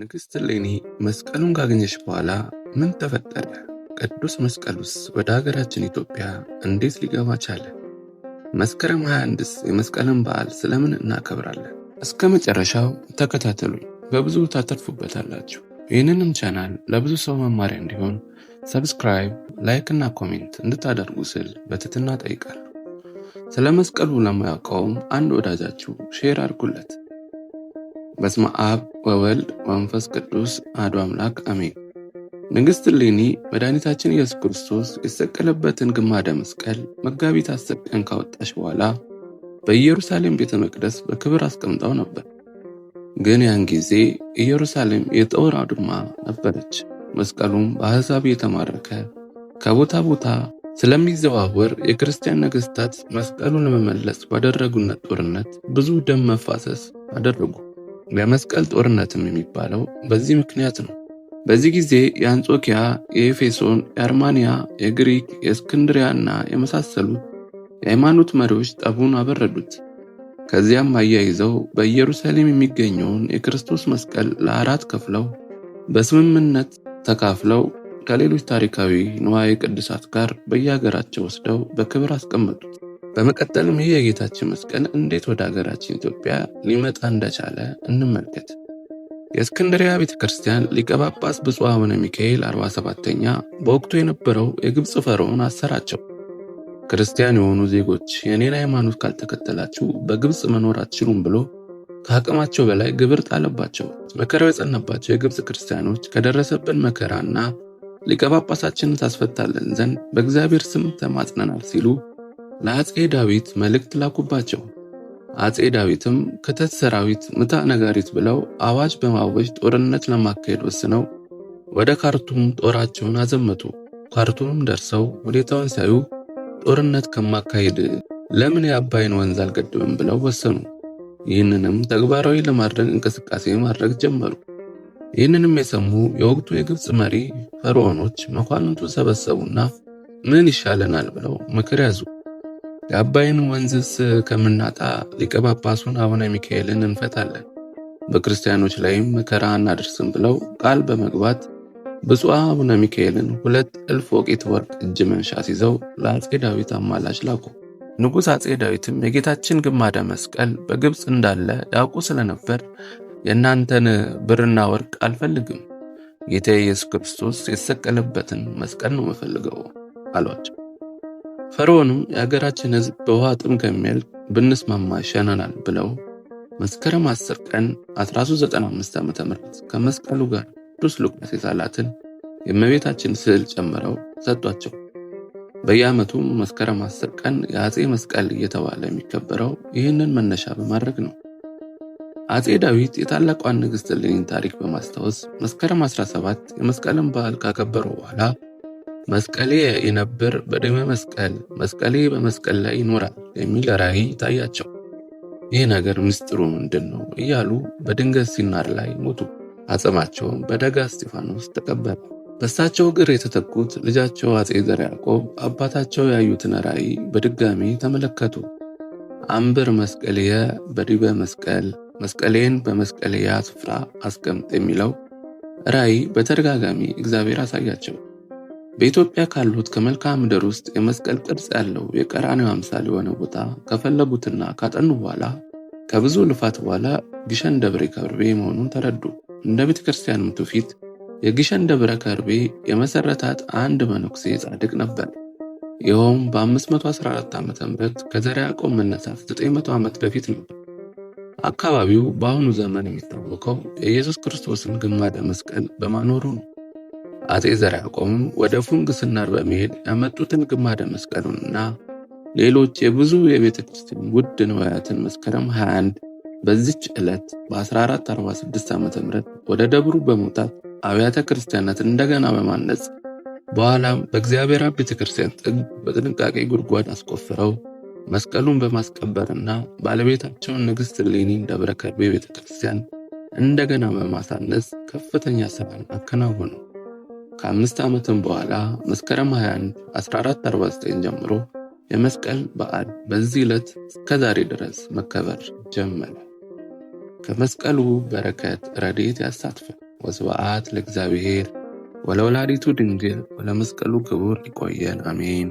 ንግሥት ሌኒ መስቀሉን ካገኘች በኋላ ምን ተፈጠረ? ቅዱስ መስቀሉስ ወደ ሀገራችን ኢትዮጵያ እንዴት ሊገባ ቻለ? መስከረም 21ስ የመስቀልን በዓል ስለምን እናከብራለን? እስከ መጨረሻው ተከታተሉኝ፣ በብዙ ታተርፉበታላችሁ። ይህንንም ቻናል ለብዙ ሰው መማሪያ እንዲሆን ሰብስክራይብ፣ ላይክ እና ኮሜንት እንድታደርጉ ስል በትትና ጠይቃለሁ። ስለ መስቀሉ ለማያውቀውም አንድ ወዳጃችሁ ሼር አድርጉለት። በስመ አብ ወወልድ ወመንፈስ ቅዱስ አሐዱ አምላክ አሜን። ንግሥት እሌኒ መድኃኒታችን ኢየሱስ ክርስቶስ የተሰቀለበትን ግማደ መስቀል መጋቢት አስር ቀን ካወጣች በኋላ በኢየሩሳሌም ቤተ መቅደስ በክብር አስቀምጠው ነበር። ግን ያን ጊዜ ኢየሩሳሌም የጦር አውድማ ነበረች። መስቀሉም በአሕዛብ የተማረከ ከቦታ ቦታ ስለሚዘዋወር የክርስቲያን ነገሥታት መስቀሉን ለመመለስ ባደረጉነት ጦርነት ብዙ ደም መፋሰስ አደረጉ። የመስቀል ጦርነትም የሚባለው በዚህ ምክንያት ነው። በዚህ ጊዜ የአንጾኪያ፣ የኤፌሶን፣ የአርማንያ፣ የግሪክ፣ የእስክንድሪያ እና የመሳሰሉ የሃይማኖት መሪዎች ጠቡን አበረዱት። ከዚያም አያይዘው በኢየሩሳሌም የሚገኘውን የክርስቶስ መስቀል ለአራት ከፍለው በስምምነት ተካፍለው ከሌሎች ታሪካዊ ንዋየ ቅድሳት ጋር በየሀገራቸው ወስደው በክብር አስቀመጡት። በመቀጠልም ይህ የጌታችን መስቀል እንዴት ወደ አገራችን ኢትዮጵያ ሊመጣ እንደቻለ እንመልከት። የእስክንድሪያ ቤተ ክርስቲያን ሊቀ ጳጳስ ብፁዕ አቡነ ሚካኤል 47ተኛ በወቅቱ የነበረው የግብፅ ፈርዖን አሰራቸው። ክርስቲያን የሆኑ ዜጎች የእኔን ሃይማኖት ካልተከተላችሁ በግብፅ መኖር አትችሉም ብሎ ከአቅማቸው በላይ ግብር ጣለባቸው። መከራው የጸናባቸው የግብፅ ክርስቲያኖች ከደረሰብን መከራና ሊቀ ጳጳሳችንን ታስፈታለን ዘንድ በእግዚአብሔር ስም ተማጽነናል ሲሉ ለአፄ ዳዊት መልእክት ላኩባቸው። አፄ ዳዊትም ክተት ሰራዊት፣ ምታ ነጋሪት ብለው አዋጅ በማወጅ ጦርነት ለማካሄድ ወስነው ወደ ካርቱም ጦራቸውን አዘመቱ። ካርቱምም ደርሰው ሁኔታውን ሳዩ ጦርነት ከማካሄድ ለምን የአባይን ወንዝ አልገድብም ብለው ወሰኑ። ይህንንም ተግባራዊ ለማድረግ እንቅስቃሴ ማድረግ ጀመሩ። ይህንንም የሰሙ የወቅቱ የግብፅ መሪ ፈርዖኖች መኳንንቱ ሰበሰቡና ምን ይሻለናል ብለው ምክር ያዙ። የአባይን ወንዝስ ከምናጣ ሊቀ ጳጳሱን አቡነ ሚካኤልን እንፈታለን፣ በክርስቲያኖች ላይም መከራ እናደርስም ብለው ቃል በመግባት ብፁዕ አቡነ ሚካኤልን ሁለት እልፍ ወቄት ወርቅ እጅ መንሻ ሲዘው ለአፄ ዳዊት አማላች ላኩ። ንጉሥ አፄ ዳዊትም የጌታችን ግማደ መስቀል በግብፅ እንዳለ ያውቁ ስለነበር የእናንተን ብርና ወርቅ አልፈልግም፣ ጌታ ኢየሱስ ክርስቶስ የተሰቀለበትን መስቀል ነው የምፈልገው አሏቸው። ፈርዖንም የአገራችን ሕዝብ በውሃ ጥም ከሚያልቅ ብንስማማ ይሻለናል ብለው መስከረም 10 ቀን 1395 ዓ.ም ከመስቀሉ ጋር ቅዱስ ሉቃስ የሳላትን የእመቤታችን ስዕል ጨምረው ሰጧቸው። በየዓመቱም መስከረም 10 ቀን የአፄ መስቀል እየተባለ የሚከበረው ይህንን መነሻ በማድረግ ነው። አፄ ዳዊት የታላቋን ንግሥት እሌኒን ታሪክ በማስታወስ መስከረም 17 የመስቀልን በዓል ካከበረው በኋላ መስቀሌ ይነብር በደመ መስቀል መስቀሌ በመስቀል ላይ ይኖራል የሚል ራእይ ይታያቸው። ይህ ነገር ምስጢሩ ምንድን ነው እያሉ በድንገት ሲናር ላይ ሞቱ። አጽማቸውም በደጋ እስጢፋኖስ ተቀበረ። በእሳቸው እግር የተተኩት ልጃቸው አጼ ዘር ያዕቆብ አባታቸው ያዩትን ራእይ በድጋሚ ተመለከቱ። አንብር መስቀልየ በዲበ መስቀል መስቀሌን በመስቀልያ ስፍራ አስቀምጥ የሚለው ራእይ በተደጋጋሚ እግዚአብሔር አሳያቸው። በኢትዮጵያ ካሉት ከመልክዓ ምድር ውስጥ የመስቀል ቅርጽ ያለው የቀራኒው አምሳል የሆነ ቦታ ከፈለጉትና ካጠኑ በኋላ ከብዙ ልፋት በኋላ ግሸን ደብረ ከርቤ መሆኑን ተረዱ። እንደ ቤተ ክርስቲያን ትውፊት የግሸን ደብረ ከርቤ የመሰረታት አንድ መነኩሴ ጻድቅ ነበር። ይኸውም በ514 ዓ ም ከዘርዓ ያዕቆብ መነሳት 900 ዓመት በፊት ነው። አካባቢው በአሁኑ ዘመን የሚታወቀው የኢየሱስ ክርስቶስን ግማደ መስቀል በማኖሩ ነው። አጼ ዘርዓ ያዕቆብም ወደ ፉንግስናር በመሄድ ያመጡትን ግማደ መስቀሉንና ሌሎች የብዙ የቤተ ክርስቲያን ውድ ንዋያትን መስከረም 21 በዚች ዕለት በ1446 ዓ ም ወደ ደብሩ በመውጣት አብያተ ክርስቲያናት እንደገና በማነጽ በኋላም በእግዚአብሔር ቤተ ክርስቲያን ጥግ በጥንቃቄ ጉድጓድ አስቆፍረው መስቀሉን በማስቀበርና ባለቤታቸውን ንግሥት እሌኒን ደብረ ከርቤ ቤተ ክርስቲያን እንደገና በማሳነስ ከፍተኛ ስራን አከናወኑ። ከአምስት ዓመትም በኋላ መስከረም 21 1449 ጀምሮ የመስቀል በዓል በዚህ ዕለት እስከ ዛሬ ድረስ መከበር ጀመረ። ከመስቀሉ በረከት ረድኤት ያሳትፈ። ወስብዓት ለእግዚአብሔር ወለወላዲቱ ድንግል ወለመስቀሉ ክቡር። ይቆየን። አሜን።